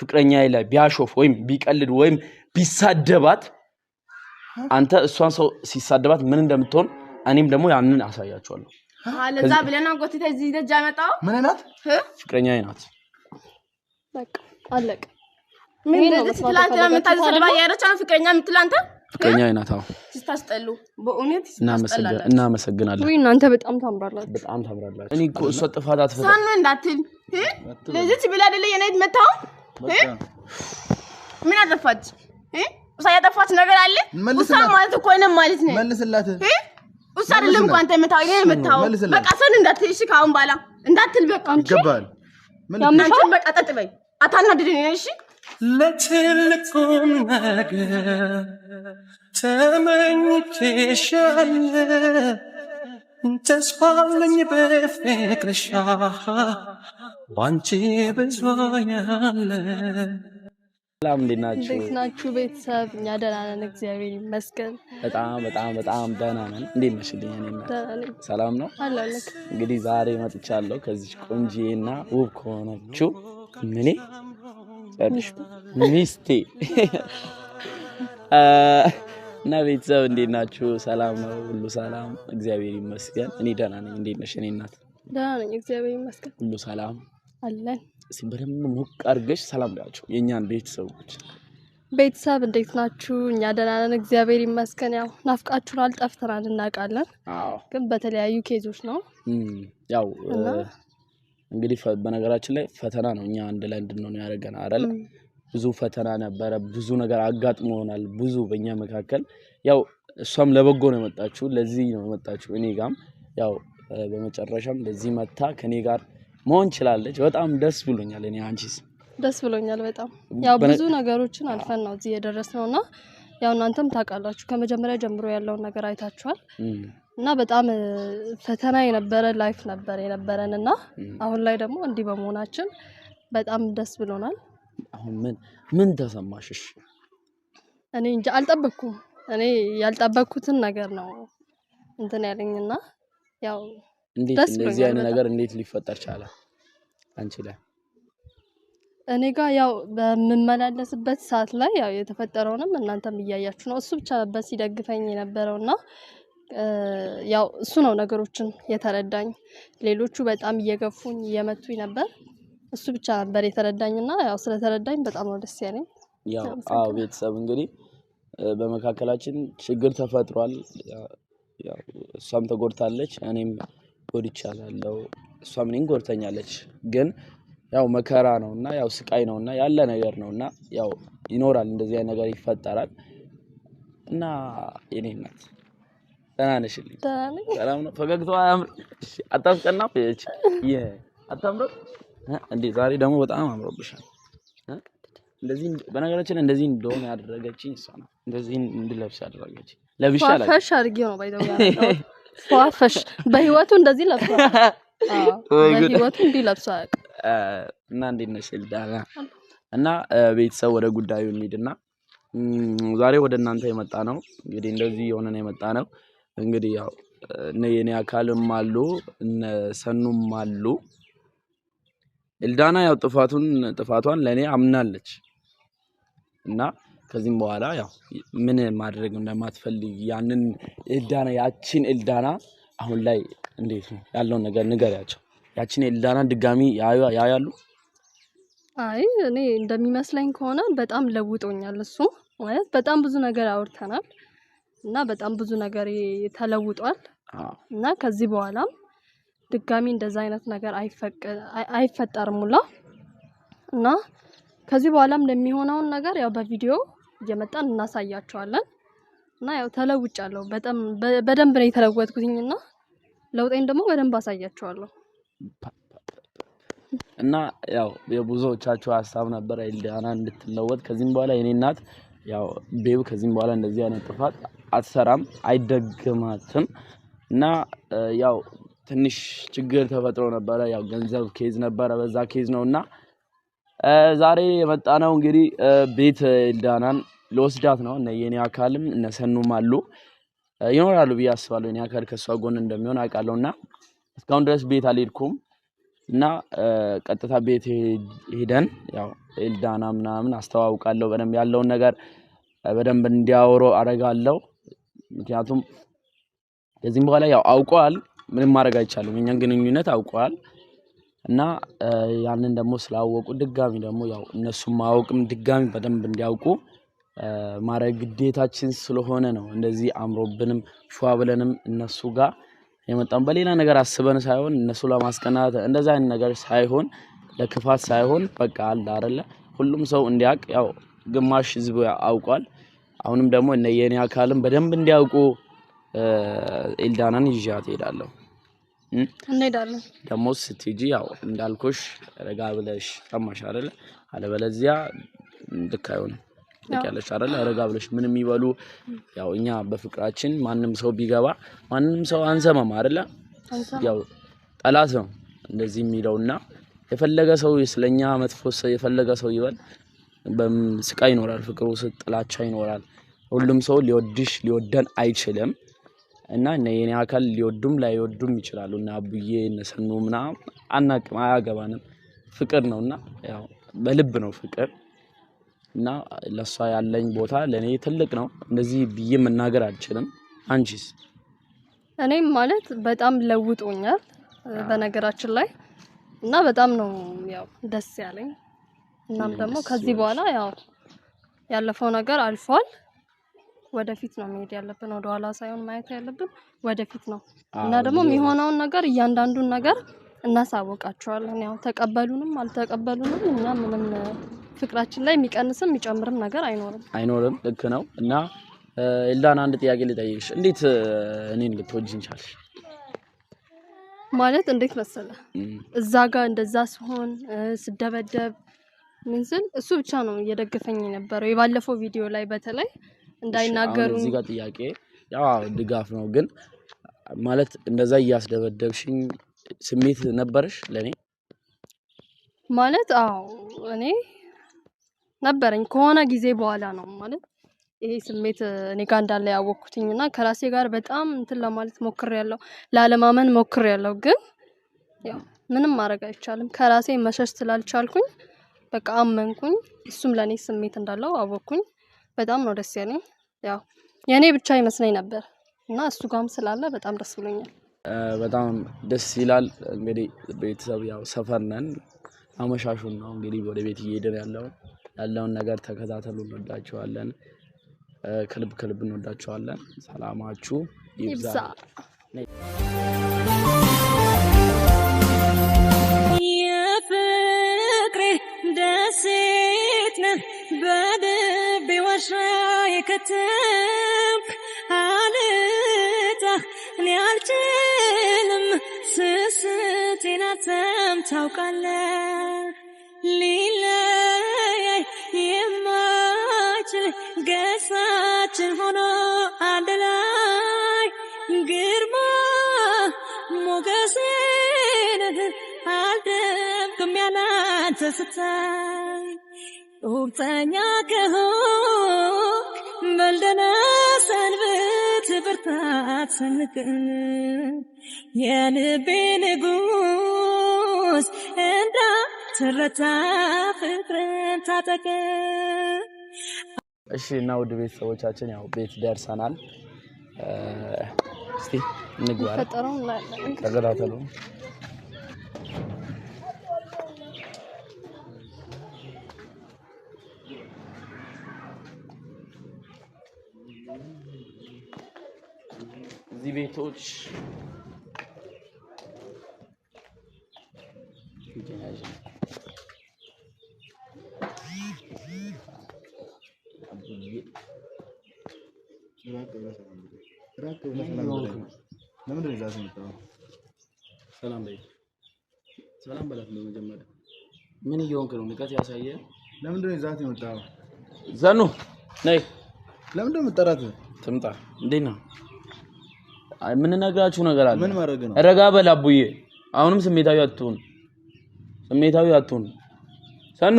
ፍቅረኛ ላይ ቢያሾፍ ወይም ቢቀልድ ወይም ቢሳደባት አንተ እሷን ሰው ሲሳደባት ምን እንደምትሆን እኔም ደግሞ ያንን አሳያቸዋለሁ። ለዛ ብለን አጎትተ እዚህ ደጃ ያመጣው ምን ናት? ፍቅረኛ ናት። አለቅ ትላንት የምታዘሰድባ ፍቅረኛ የምትል አዎ ስታስጠሉ፣ በእውነት እናመሰግናለን። እናንተ በጣም ታምራላችሁ፣ በጣም ታምራላችሁ። እኔ እኮ እሷ ጥፋት አትፈታ እንዳትል ለዚች ብላ አይደለ የኔ መታው ምን አጠፋች? ውሳ ያጠፋች ነገር አለ? ውሳ ማለት እኮ እኔም ማለት ነው። መልስላት። ውሳ አይደለም እኮ አንተ የምታው እኔ የምታው በቃ ሰን እንዳትል። እሺ ካሁን በኋላ እንዳትል በቃ አንቺ ይገባል። ምንድነው በቃ ጠጥ በይ፣ አታናድደኝ። እሺ ለትልቁም ነገር ተመኝቼሻለሁ ተስፋ አለኝ በፍቅርሽ ባንቺ ብዙ ያለ። ሰላም እንዴት ናችሁ? እንዴት ናችሁ ቤተሰብ? እኛ ደህና ነን፣ እግዚአብሔር ይመስገን። በጣም በጣም በጣም ደህና ነን። እንዴት ነሽ? ሰላም ነው። እንግዲህ ዛሬ መጥቻለሁ ከዚች ቆንጂዬና ውብ ከሆነችው ምኔ ሚስቴ እና ቤተሰብ እንዴት ናችሁ? ሰላም ነው? ሁሉ ሰላም? እግዚአብሔር ይመስገን። እኔ ደህና ነኝ። እንዴት ነሽ? እኔ እናት ደህና ነኝ፣ እግዚአብሔር ይመስገን። ሁሉ ሰላም አለን። እስኪ በደንብ ሞቅ አድርገሽ ሰላም ላቸው የእኛን ቤተሰቦች። ቤተሰብ እንዴት ናችሁ? እኛ ደህና ነን፣ እግዚአብሔር ይመስገን። ያው ናፍቃችሁን አልጠፍተናል እናውቃለን። ግን በተለያዩ ኬዞች ነው ያው እንግዲህ በነገራችን ላይ ፈተና ነው እኛ አንድ ላይ እንድንሆን ያደረገን አይደለም ብዙ ፈተና ነበረ። ብዙ ነገር አጋጥሞ ይሆናል ብዙ በእኛ መካከል ያው እሷም ለበጎ ነው የመጣችሁ፣ ለዚህ ነው የመጣችው። እኔ ጋም ያው በመጨረሻም ለዚህ መታ ከእኔ ጋር መሆን ችላለች። በጣም ደስ ብሎኛል። እኔ አንቺስ? ደስ ብሎኛል በጣም ያው ብዙ ነገሮችን አልፈን ነው እዚህ ነው እና ያው እናንተም ታውቃላችሁ ከመጀመሪያ ጀምሮ ያለውን ነገር አይታችኋል እና በጣም ፈተና የነበረ ላይፍ ነበር የነበረን እና አሁን ላይ ደግሞ እንዲህ በመሆናችን በጣም ደስ ብሎናል። አሁን ምን ምን ተሰማሽሽ? እኔ እንጂ አልጠበቅኩም። እኔ ያልጠበቅኩትን ነገር ነው እንትን ያለኝና ያው እንዴት እንደዚህ አይነት ነገር እንዴት ሊፈጠር ቻለ አንቺ ላይ? እኔ ጋር ያው በምመላለስበት ሰዓት ላይ ያው የተፈጠረውንም እናንተም እያያችሁ ነው። እሱ ብቻ ነበር ሲደግፈኝ የነበረውና ያው እሱ ነው ነገሮችን የተረዳኝ። ሌሎቹ በጣም እየገፉኝ እየመቱኝ ነበር። እሱ ብቻ ነበር የተረዳኝ እና ያው ስለተረዳኝ በጣም ነው ደስ ያለኝ። ያው ቤተሰብ እንግዲህ በመካከላችን ችግር ተፈጥሯል። እሷም ተጎድታለች፣ እኔም ጎድቻለሁ፣ እሷም እኔን ጎድተኛለች። ግን ያው መከራ ነው እና ያው ስቃይ ነው እና ያለ ነገር ነው እና ያው ይኖራል፣ እንደዚህ አይነት ነገር ይፈጠራል እና የኔ እናት ደህና ነሽልኝ? ደህና ነኝ። ሰላም አያምርም? አታስቀናም? አታምርም? እንዴ ዛሬ ደግሞ በጣም አምሮብሻል። እንደዚህ በነገራችን እንደዚህ እንደሆነ ያደረገችኝ እሷ ነው። እንደዚህ እንድለብስ ያደረገችኝ ለብሻለሽ ፈሽ አድርጌ ነው ባይደው ፈሽ በህይወቱ እንደዚህ ለብሷል። በህይወቱ እንዲህ ለብሷል። እና እንዴት ነሽ ኤልዳና? እና ቤተሰብ ወደ ጉዳዩ እንሂድና ዛሬ ወደ እናንተ የመጣ ነው እንግዲህ እንደዚህ የሆነ ነው የመጣ ነው እንግዲህ ያው እነ የኔ አካልም አሉ እነ ሰኑም አሉ ኤልዳና ያው ጥፋቱን ጥፋቷን ለእኔ አምናለች እና ከዚህም በኋላ ያው ምን ማድረግ እንደማትፈልግ ያንን ኤልዳና ያቺን ኤልዳና አሁን ላይ እንዴት ነው ያለውን ነገር ንገሪያቸው። ያቺን ኤልዳና ድጋሚ ያያሉ። አይ እኔ እንደሚመስለኝ ከሆነ በጣም ለውጦኛል። እሱ ማለት በጣም ብዙ ነገር አውርተናል እና በጣም ብዙ ነገር ተለውጧል እና ከዚህ በኋላም ድጋሚ እንደዛ አይነት ነገር አይፈጠርም ሁላ እና ከዚህ በኋላም ለሚሆነውን ነገር ያው በቪዲዮ እየመጣን እናሳያቸዋለን። እና ያው ተለውጫለሁ፣ በጣም በደንብ ነው የተለወጥኩትኝ እና ለውጤን ደግሞ በደንብ አሳያቸዋለሁ። እና ያው የብዙዎቻችሁ ሀሳብ ነበር ኤልዳና እንድትለወጥ ከዚህም በኋላ የኔ እናት ያው ቤብ ከዚህም በኋላ እንደዚህ አይነት ጥፋት አትሰራም፣ አይደግማትም እና ያው ትንሽ ችግር ተፈጥሮ ነበረ። ያው ገንዘብ ኬዝ ነበረ፣ በዛ ኬዝ ነው እና ዛሬ የመጣ ነው እንግዲህ ቤት ኤልዳናን ለወስዳት ነው። እነ የኔ አካልም እነ ሰኑም አሉ ይኖራሉ ብዬ አስባለሁ። የኔ አካል ከእሷ ጎን እንደሚሆን አውቃለሁ እና እስካሁን ድረስ ቤት አልሄድኩም እና ቀጥታ ቤት ሄደን ያው ኤልዳና ምናምን አስተዋውቃለሁ። በደንብ ያለውን ነገር በደንብ እንዲያወሩ አደርጋለሁ። ምክንያቱም ከዚህም በኋላ ያው አውቀዋል ምንም ማድረግ አይቻልም። እኛን ግንኙነት አውቀዋል እና ያንን ደግሞ ስላወቁ ድጋሚ ደግሞ ያው እነሱም ማወቅም ድጋሚ በደንብ እንዲያውቁ ማድረግ ግዴታችን ስለሆነ ነው። እንደዚህ አምሮብንም ሸዋ ብለንም እነሱ ጋር የመጣም በሌላ ነገር አስበን ሳይሆን እነሱ ለማስቀናት እንደዛ አይነት ነገር ሳይሆን ለክፋት ሳይሆን በቃ አለ አደለ ሁሉም ሰው እንዲያውቅ ያው ግማሽ ህዝብ አውቋል። አሁንም ደግሞ የኔ አካልም በደንብ እንዲያውቁ ኤልዳናን ይዣት እሄዳለሁ። እንሄዳለን ደግሞ ስትጂ ያው እንዳልኩሽ ረጋ ብለሽ ሰማሽ አይደለ? አለበለዚያ ልክ አይሆንም። ያለሽ አይደለ? ረጋ ብለሽ ምን የሚበሉ ያው እኛ በፍቅራችን ማንም ሰው ቢገባ ማንም ሰው አንሰማም አይደለ? ያው ጠላት ነው እንደዚህ የሚለውና የፈለገ ሰው ስለኛ መጥፎ የፈለገ ሰው ይበል ስቃይ ይኖራል፣ ፍቅሩ ጥላቻ ይኖራል። ሁሉም ሰው ሊወድሽ ሊወደን አይችልም። እና የኔ አካል ሊወዱም ላይወዱም ይችላሉ። እና አቡዬ እነ ምና አናቅም፣ አያገባንም። ፍቅር ነው እና ያው በልብ ነው ፍቅር እና ለእሷ ያለኝ ቦታ ለእኔ ትልቅ ነው። እንደዚህ ብዬ መናገር አልችልም። አንቺስ? እኔም ማለት በጣም ለውጦኛል በነገራችን ላይ እና በጣም ነው ያው ደስ ያለኝ። እናም ደግሞ ከዚህ በኋላ ያው ያለፈው ነገር አልፏል። ወደፊት ነው መሄድ ያለብን፣ ወደ ኋላ ሳይሆን ማየት ያለብን ወደፊት ነው እና ደግሞ የሚሆነውን ነገር እያንዳንዱን ነገር እናሳወቃቸዋለን። ያው ተቀበሉንም አልተቀበሉንም እና ምንም ፍቅራችን ላይ የሚቀንስም የሚጨምርም ነገር አይኖርም አይኖርም። ልክ ነው እና ኤልዳን አንድ ጥያቄ ልጠይቅሽ። እንዴት እኔን ልትወጂኝ ቻልሽ? ማለት እንዴት መሰለ እዛ ጋር እንደዛ ሲሆን ስደበደብ ምን ስል እሱ ብቻ ነው እየደገፈኝ የነበረው የባለፈው ቪዲዮ ላይ በተለይ እንዳይናገሩ እዚህ ጋር ጥያቄ ያው ድጋፍ ነው ግን ማለት እንደዛ እያስደበደብሽኝ ስሜት ነበረሽ ለእኔ ማለት? አዎ እኔ ነበረኝ ከሆነ ጊዜ በኋላ ነው ማለት ይሄ ስሜት እኔ ጋር እንዳለ ያወቅኩትኝ እና ከራሴ ጋር በጣም እንትን ለማለት ያለው ላለማመን ያለው ግን ያው ምንም ማድረግ አይቻልም። ከራሴ መሸሽ ስላልቻልኩኝ በቃ አመንኩኝ። እሱም ለእኔ ስሜት እንዳለው አወቅኩኝ። በጣም ነው ደስ ያለኝ። ያው የእኔ ብቻ ይመስለኝ ነበር እና እሱ ጋም ስላለ በጣም ደስ ብሎኛል። በጣም ደስ ይላል። እንግዲህ ቤተሰብ ያው ሰፈር ነን። አመሻሹን ነው እንግዲህ ወደ ቤት እየሄድን ያለውን ያለውን ነገር ተከታተሉ። እንወዳቸዋለን። ከልብ ከልብ እንወዳቸዋለን። ሰላማችሁ ይብዛ። ታውቃለህ ሊለያይ የማችል ገጻችን ሆኖ አንድ ላይ ግርማ ሞገሴን አልደብቅም ያላንተ ስታይ ቁምጠኛ ከሆንክ በልደና ሰንብት ብርታት ስንቅን የልቤ ንጉ ኢየሱስ ሞስ እንዳትረታ ፍቅርን ታጠቀ። እሺ እና ውድ ቤተሰቦቻችን ያው ቤት ደርሰናል። እስቲ እንግባ እዚህ ቤቶች cenazem. ለምንድን ነው እዛ ሰላም በይ። ሰላም በላት። ምን እየሆንክ ነው? ንቀት ያሳየ። ለምንድን ነው ዘኑ ነይ። ለምንድን ነው ትምጣ። እንዴት ነው? የምንነግራችሁ ነገር አለ። ምን ማድረግ ነው? ረጋ በል አቡዬ። አሁንም ስሜታዊ አትሁን። ስሜታዊ አትሁን። ሰኑ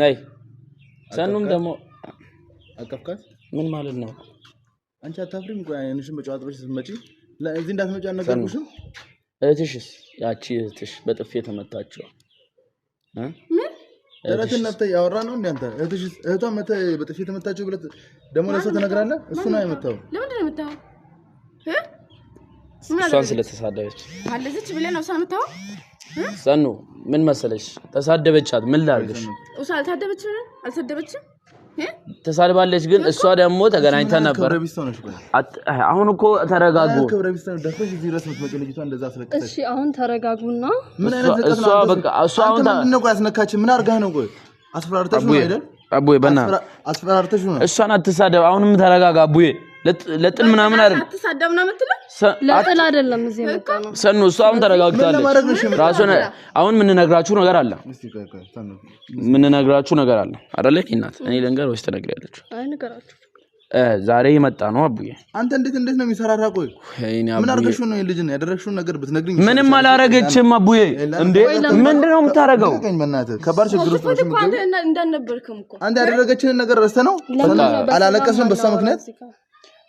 ነይ። ሰኑም ደግሞ አቀፍካት። ምን ማለት ነው? አንቺ አታፍሪም? ቆይ አይንሽም በጨዋታ ብቻ ስትመጪ እዚህ እንዳትመጪ አልነገርኩሽም? እህትሽስ ያቺ እህትሽ በጥፊ የተመታችው እረትን ነፍተህ ያወራ ነው እንደ አንተ መተ መተህ በጥፊ የተመታችው ብለህ ደግሞ ለእሷ ትነግራለህ? እሱ ነው የመታው። ለምንድን ነው የመታው? እሷን ስለተሳደበች አለዘች ብለህ ነው እሷን የምታወ ምን መሰለሽ ተሳደበቻት። ምን ላርግሽ እሷ አልታደበች አልሰደበችም ተሳድባለች ግን እሷ ደግሞ ተገናኝተን ነበር። አሁን እኮ ተረጋጉ። አሁን ተረጋጉና እሷ በቃ እሷ አሁን ምን ነው? አስፈራርተሽ ነው አይደል? እሷን አትሳደብ። አሁንም ተረጋጋ አቡዬ ለጥል ምናምን አይደለም። አትሳደብ ነው የምትለው። ለጥል አይደለም። እዚህ መጣ ሰኑ። እሱ አሁን ተረጋግታለች። ራሱን አሁን የምንነግራችሁ ነገር አለ፣ የምንነግራችሁ ነገር አለ አይደለ? እናት እኔ ልንገር ወይስ ትነግሪያለች? አይ ንገራችሁ። ዛሬ የመጣ ነው አቡዬ። አንተ እንዴት እንዴት ነው የሚሰራራ? ቆይ ምን አድርገሽው ነው ልጅ ያደረግሽውን ነገር ብትነግሪኝ። ምንም አላረገችም አቡዬ። እንዴ ምንድን ነው የምታረገው? ከባድ ችግር ውስጥ እንዳልነበርክም አንተ ያደረገችንን ነገር ረስተ ነው አላለቀስም በሷ ምክንያት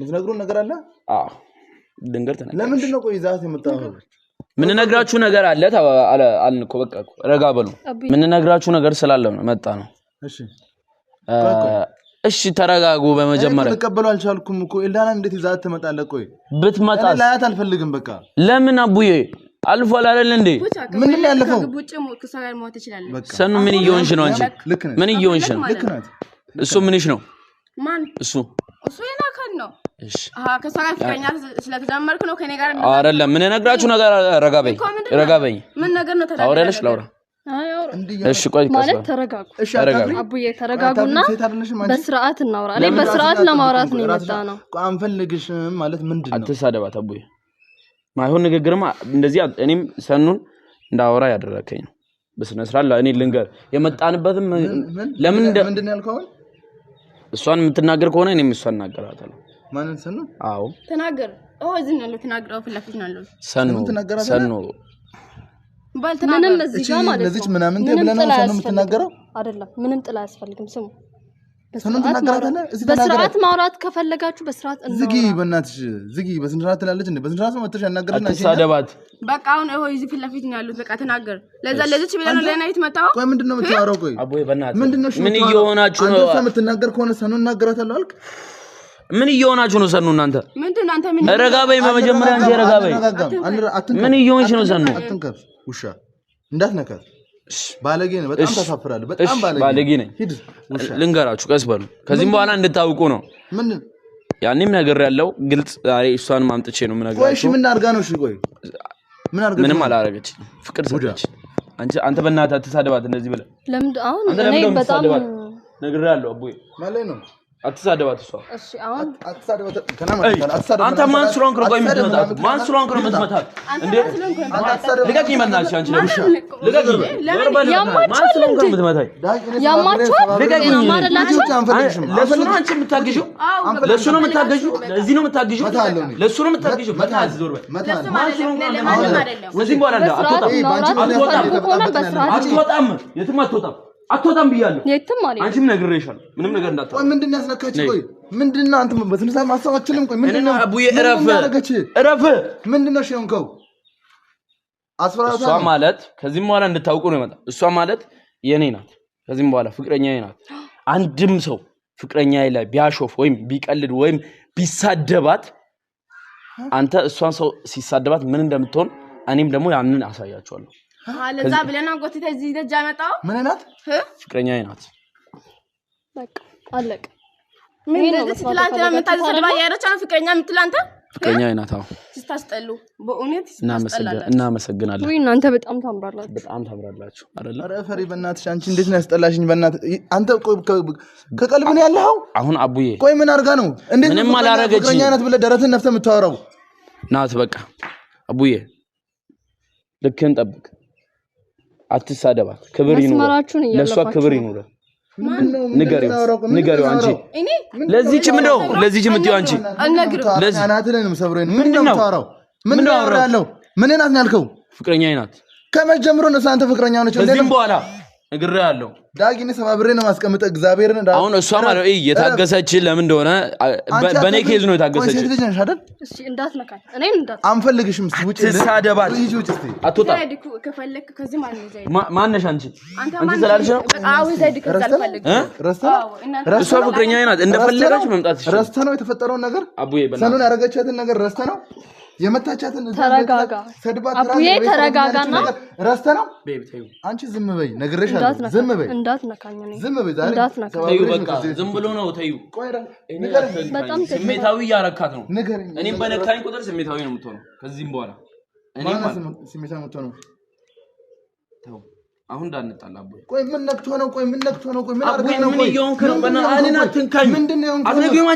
ምትነግሩን ነገር አለ? ድንገር ተነገረች። ለምንድን ነው ቆይ ዛት የመጣው? ምንነግራችሁ ነገር አለ አልን እኮ በቃ ረጋ በሉ። ምንነግራችሁ ነገር ስላለ ነው መጣ ነው። እሺ ተረጋጉ። በመጀመሪያ ተቀበሉ። አልቻልኩም እኮ ኤልዳና፣ እንዴት ይዛት ትመጣለህ? ቆይ ብትመጣ ላያት አልፈልግም። በቃ ለምን አቡዬ አልፎ አላለል እንዴ? ምን ያለፈው ሰኑ፣ ምን እየሆንሽ ነው አንቺ? ምን እየሆንሽ ነው? እሱ ምንሽ ነው? ማን እሱ? እሱ የናካን ነው ከእሷ ጋር ፍቅረኛ ስለተጀመርክ ነው ከኔ ጋር አይደለም። ምን ነግራችሁ ነገር ረጋ በይ ምን ነገር ነው ታወሪያለሽ? ላውራ እሺ ቆይ ማለት ተረጋጉ። አቡዬ ተረጋጉና በስርዓት እናውራ። እኔ በስርዓት ለማውራት ነው የመጣ ነው። አንፈልግሽም ማለት ምንድን ነው? አትሳደባት አቡዬ። ማይሆን ንግግርማ እንደዚህ እኔም ሰኑን እንዳወራ ያደረከኝ ነው። በስነ ስርዓት እኔ ልንገር የመጣንበትም ለምን እሷን የምትናገር ከሆነ እኔም እሷን እናገራታለሁ። ማንን ሰኑ? አዎ ተናገር። ኦ እዚህ ነው ያለው። ተናገር። አዎ ፍላፊት ነው ያለው። ሰኑ ሰኑ ምንም እዚህ ጋር ማለት ነው። ለዚች ምናምን ተብለ ነው ሰኑ የምትናገረው አይደለም። ምንም ጥላ አያስፈልግም። ስሙ በስርዓት ማውራት ከፈለጋችሁ በስርዓት ዝጊ፣ በእናትሽ ዝጊ። በስንት ሰዓት ትላለች እንዴ? በስንት ሰዓት ነው መጥተሽ ያናገረና አትሳደባት። በቃ አሁን ይኸው እዚህ ፊት ለፊት ነው ያሉት። በቃ ተናገር። ለዛ ለዚች ብለህ ነው ለናይት መጣው። ቆይ ምንድን ነው የምታወራው? ቆይ አቦይ፣ በእናትህ ምንድን ነው? ምን እየሆናችሁ ነው? አንተ የምትናገር ከሆነ ሰኑ እናገራታለሁ አልክ። ምን እየሆናችሁ ነው ሰኑ? እናንተ ረጋ በይ። በመጀመሪያ አንቺ ረጋ በይ። ምን እየሆንሽ ነው ሰኑ? አትንከብ ውሻ እንዳትነካት። ባለጌ ነው። በጣም ታሳፍራለህ። በጣም ባለጌ ባለጌ ነኝ። ልንገራችሁ፣ ቀስ በሉ። ከዚህም በኋላ እንድታውቁ ነው። ምን ያኔም ነገር ያለው ግልጽ። ዛሬ እሷን ማምጥቼ ነው የምነግራችሁ። ምን አድርጋ ነው? ቆይ ምንም አላረገች፣ ፍቅር ሰጠች። አንተ በእናትህ አትሳደባት እንደዚህ ብለህ ለምን አሁን እኔ በጣም ነግሬሃለሁ አቦዬ ማለት ነው አትሳደባት። እሷ አንተ ማን ስለሆንክ ነው? ቆይ የምትመታት ማን ስለሆንክ ነው የምትመታት? እንዴ ልቀቂ፣ በእናትሽ አንቺ ለብሻ ልቀቂ። ማን ስለሆንክ ነው የምትመታኝ? ያማችኋል። ልቀቂ። ለእሱ ነው አንቺ የምታግዢው፣ ለእሱ ነው የምታግዢው፣ ለዚህ ነው የምታግዢው፣ ለእሱ ነው የምታግዢው። መታዝ ዞር በል። ማን ስለሆንክ ነው? ከዚህ በኋላ አትወጣም፣ አትወጣም፣ የትም አትወጣም። አትወጣም ብያለሁ። የትም ማለት አንቺም ነግሬሻለሁ። ምንም ነገር እንዳታ ወይ ምንድን ያስነካችሁ? ቆይ ምንድን ነው አንተ በስነ ስርዓት ማሰብ አትችልም? ቆይ ምንድን ነው አቡዬ፣ እረፍ፣ እረፍ። ምንድን ነው ሸንከው አስፈራራ። እሷ ማለት ከዚህም በኋላ እንድታውቁ ነው የመጣው። እሷ ማለት የኔ ናት፣ ከዚህም በኋላ ፍቅረኛዬ ናት። አንድም ሰው ፍቅረኛ ላይ ቢያሾፍ ወይም ቢቀልድ ወይም ቢሳደባት አንተ እሷን ሰው ሲሳደባት ምን እንደምትሆን እኔም ደግሞ ያንን አሳያችኋለሁ። አለዛ ብለና ጎትተ እዚህ ደጅ አመጣው። ምን ናት? ፍቅረኛ ናት። በቃ አለቀ። ምን እንደዚህ ትላንትና የምታዘሰድባ ያረቻ ፍቅረኛ የምትል ፍቅረኛ አይነት አዎ፣ ስታስጠሉ በእውነት እናመሰግናለን። ወይ እናንተ በጣም ታምራላችሁ፣ በጣም ታምራላችሁ አይደል? ኧረ ፈሪ በእናትሽ አንቺ እንዴት ነው ያስጠላሽኝ? በእናት አንተ ከቀልብ ነው ያለኸው። አሁን አቡዬ ቆይ ምን አድርጋ ነው እንዴት ምንም አላረገች ፍቅረኛ አይነት ብለህ ደረትን ነፍተህ የምታወራው ናት። በቃ አቡዬ ልክህን ጠብቅ። አትሳደባት። ክብር ይኑራት፣ ለእሷ ክብር ይኑራት። ንገሪው ንገሪው። አንቺ ለዚህ ጭም ነው ለዚህ ጭም ነው አንቺ ምንድን ነው ምን ምን ነው ያልከው? ፍቅረኛ ናት ከመጀመሩ ነው። አንተ ፍቅረኛ ነች። ከዚህም በኋላ እግሬ ያለው ዳጊን ሰባብሬ ነው ማስቀምጠ እግዚአብሔርን አሁን እሷ ማለት የታገሰች ለምን እንደሆነ በእኔ ኬዝ ነው የታገሰች። ነው። ናት፣ እንደፈለገች መምጣት። ነው የተፈጠረውን ነገር፣ ነገር ረስተ ነው የመታቻትን ተረጋጋ፣ ተረጋጋና ረስተህ ነው። አንቺ ዝም በይ ነግሬሻለሁ። ዝም በይ ዝም በይ ዝም ብሎ ነው። ተዩ ስሜታዊ እያረካት ነው። እኔም በነካኝ ቁጥር ስሜታዊ ነው የምትሆነው ከዚህም በኋላ ስሜታዊ የምትሆነው አሁን እንዳንጣላ ቆይ ምን ነክቶ ነው? ቆይ ምን ነክቶ ነው? ቆይ ምን አድርገህ ነው? ቆይ ምን እየሆንክ ነው? በእናትህ እኔን አትንካኝ። ምንድን ነው የሆንክ? አትነግሪውም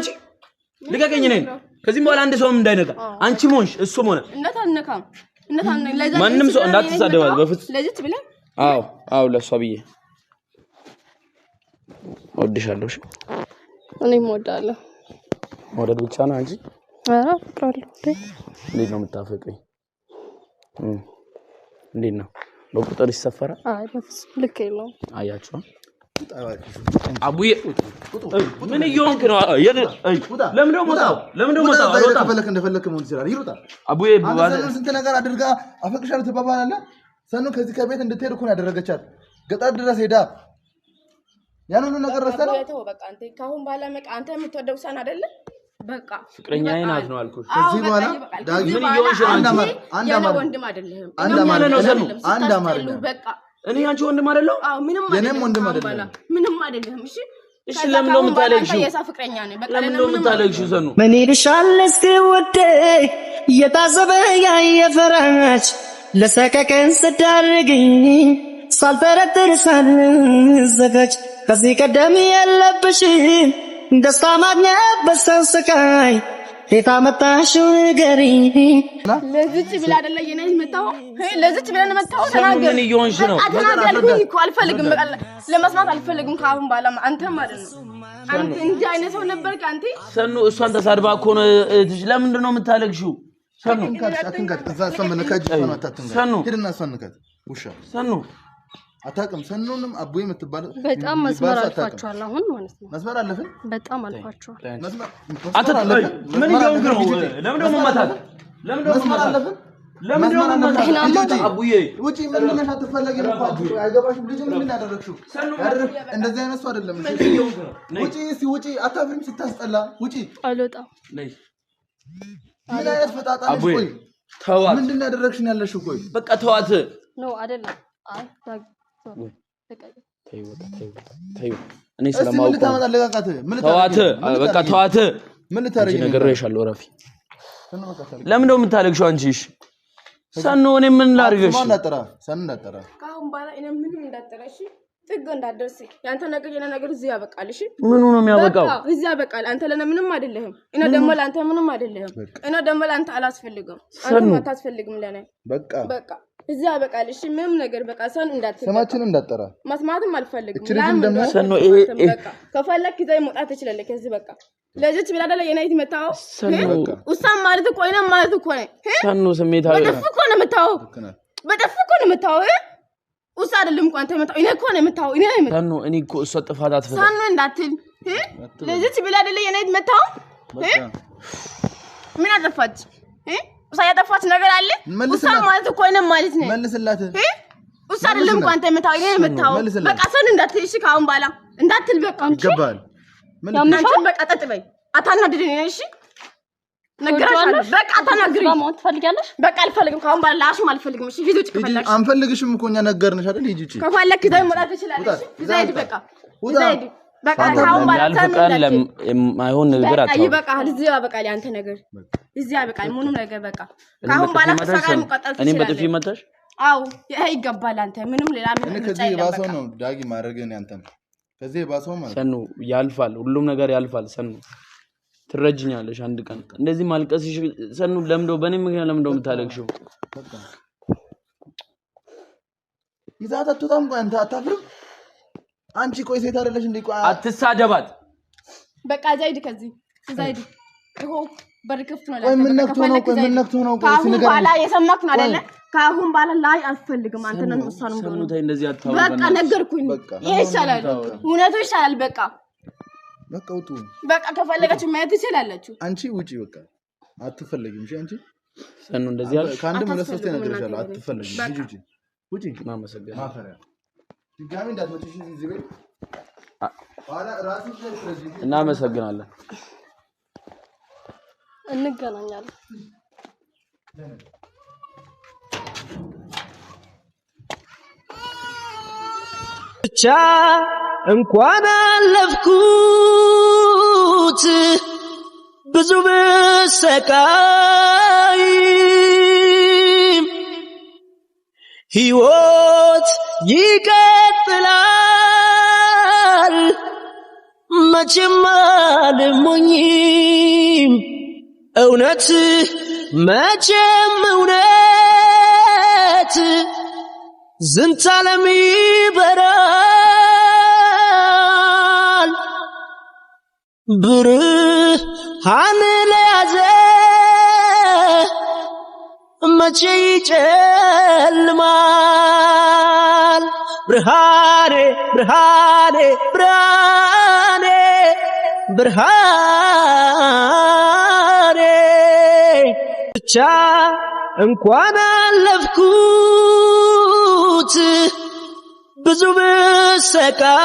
ልቀቀኝ እኔን ከዚህም በኋላ አንድ ሰውም እንዳይነካ አንቺ ሆንሽ እሱም ሆነ እናት አልነካም። እናት አልነካም። ማንም ሰው በፍጹም። አዎ፣ አዎ ለእሷ ብዬ ወድሻለሁ እሺ እኔም እወዳለሁ። መውደድ ብቻ ነው አንቺ? ኧረ እንዴት ነው የምታፈቅሪኝ? እንዴት ነው በቁጥር ይሰፈራል? አይ ልክ የለውም። አያችኋል አቡዬ ምን እየሆንክ ነው? ስንት ነገር አድርጋ አፈቅሻለሁ ትባባላለህ። ሰኑ ከዚህ ከቤት እንድትሄድ እኮ ነው ያደረገቻት። ገጠር ድረስ ሄዳ ያን ሁሉ ነገር ፍቅረኛ አይናት ነው አልኩሽ። ከዚህ በኋላ ዳጊ ምን እየሆንሽ አንድ አማርኛ አንድ አማርኛ ነው ሰኑ አንድ አማርኛ በቃ እኔ አንቺ ወንድም አይደለሁ፣ ምንም ወንድም አይደለሁ፣ ምንም አይደለም። እሺ እሺ፣ ለምን ነው ለምን ነው ዘኑ ምን ይልሻል? እስኪ ውዴ እየታዘበ ያየ ለሰቀቀን ስዳርግኝ ሳልጠረጥር ሳልዘጋጅ ከዚህ ቀደም የለብሽም ደስታ ማግኘት በሰው ስቃይ ቤት አመጣሽው ንገሪኝ። ለዚች ብላ አይደለ የኔን መጣው ብለን መጣው ተናገር ነው እኮ አልፈልግም። በቃ ለመስማት አልፈልግም። ካሁን በኋላ አንተ ማለት ነው አንተ እንዲህ አይነት ሰው ነበር አንተ ሰኑ። እሷን ተሳድባ እኮ ነው እህትሽ። ለምንድን ነው ሰኑ ሰኑ ሰኑ አታውቅም። ሰኖንም አቦ የምትባለው በጣም መስመር አልፋችኋል። አሁን ማለት ነው መስመር አለፍን። በጣም አልፋችኋል። መስመር ምን እያወቅህ ነው? ለምን ደግሞ መማታት? ለምን ደግሞ መማታት? ለምን ደግሞ ምን አይገባሽም። ልጅ ምን ያደረግሽው? እንደዚህ አይነት ሰው አይደለም። ምን አይነት ፈጣጣ ቆይ ተዋት። ያለሽው ቆይ በቃ ተዋት ነው አይደለም። አይ እኔ ስለማውቀው ተዋት፣ በቃ ተዋት። ነግሬሻለሁ። እረፊ። ለምን ነው የምታለቅሽው? አንቺሽ ሰኑ፣ እኔ ምን ላድርግሽ? ጥግ እንዳደርስ ያንተ ነገር የኔ ነገር እዚህ ምኑ ነው የሚያበቃው? እዚህ ያበቃል። አንተ ለእኔ ምንም አይደለህም፣ እኔ ደግሞ ለአንተ ምንም አይደለህም። እኔ ደግሞ ለአንተ አላስፈልግም፣ አንተም አታስፈልግም ለእኔ በቃ በቃ እዚያ ያበቃል። እሺ ምንም ነገር በቃ ሰን እንዳትል ስማችን እንዳጠራ መስማትም አልፈልግም። ላም ደግሞ ሰን ነው ይሄ ከፈለክ ይዘህ መውጣት ትችላለህ ከዚህ በቃ ለዚች ብላ ደለ የናይት መታው ውሳም ማለት እኮ እኔም ማለት እኮ ነው። ሰኑ ስሜት አለ በጠፍ እኮ ነው የምታወው፣ በጠፍ እኮ ነው የምታወው። ውሳ አይደለም እኮ ተመታው የምታወው እኔ እኮ ነው የምታወው እኔ ነው ሰኑ እኔ እኮ እሷ ጥፋት አትፈታ ሰኑ እንዳትል ለዚች ብላ ደለ የናይት መታው ምን አጠፋች? ቁሳ ያጠፋች ነገር አለ። ቁሳ ማለት እኮ እኔም ማለት ነው። መልስላት። ቁሳ አይደለም እኮ አንተ የምታው እኔ የምታው በቃ ሰን እንዳትል። እሺ ካሁን በኋላ እንዳትል በቃ እንጂ ይገባል። ምን በቃ ጠጥ በይ። አታናድድኝ። እሺ ነግራሻለሁ። በቃ አታናግሪኝ። ትፈልጊያለሽ? በቃ አልፈልግም። ካሁን በኋላ ላሽም አልፈልግም። እሺ ሂጂ ውጪ። ከፈለግሽ አንፈልግሽም እኮ እኛ ነገርንሽ አይደል? ሂጂ ውጪ። ከፈለግሽ ደግሞ መውጣት ትችላለሽ። ሂጂ በቃ ሂጂ በቃ ካሁን ባለፈ የማይሆን ንግግር አትበቃ ይበቃል። እዚህ ያበቃል። ያንተ ነገር እዚህ ያበቃል። ምንም ነገር በቃ ካሁን ባለፈ ፈቃድ በጥፊ መታሽ? አዎ ይሄ ይገባል። አንተ ምንም ሌላ ምንም ከዚህ የባሰው ነው ዳጊ ማድረግ ያንተ ነው። ከዚህ የባሰው ማለት ሰኑ ያልፋል። ሁሉም ነገር ያልፋል። ሰኑ ትረጅኛለሽ አንድ ቀን። እንደዚህ ማልቀስሽ ሰኑ ለምዶ በእኔ ምክንያት ለምዶ የምታለቅሽው ይዛታ ተጣምቆ አንተ አታፍርም አንቺ ቆይ ሴት አይደለሽ እንዴ? ቆይ አትሳደባት። በቃ ዘይድ ከዚህ ዘይድ ይሆ በርከፍት ነው። ቆይ ምን ነክቶ ነው? ቆይ ምን ነክቶ ነው? ቆይ ስንገር ባላ የሰማክ ነው አይደለ? ከአሁን ባላ ላይ አልፈልግም። አንተ ነን ወሳኑ ነው። ነው ታይ እንደዚህ አታውቅ። በቃ ነገርኩኝ። ይሄ ይሻላል፣ እውነቱ ይሻላል። በቃ በቃ ውጡ። በቃ ከፈለጋችሁ ማየት ትችላላችሁ። አንቺ ውጪ። በቃ አትፈልግም። እሺ አንቺ ሰኑ እንደዚህ አልሽ። ከአንድም ሁለት ሶስት ነገር ይችላል። አትፈልግም። ውጪ ውጪ። ማመሰገን ማፈሪያ ድጋሚ እዚህ ቤት እናመሰግናለን። እንገናኛለን። ብቻ እንኳን አለፍኩት ብዙ ብሰቃይም ሕይወት ይቀጥላል መቼም አልሞኝም እውነት መቼም እውነት ዝንታ ይበራል ብርሃን ለያዘ መቼ ይጨልማል ብርሃኔ ብርሃኔ ብርሃኔ ብርሃኔ ብቻ እንኳን አለፍኩት ብዙ ብሰቃይ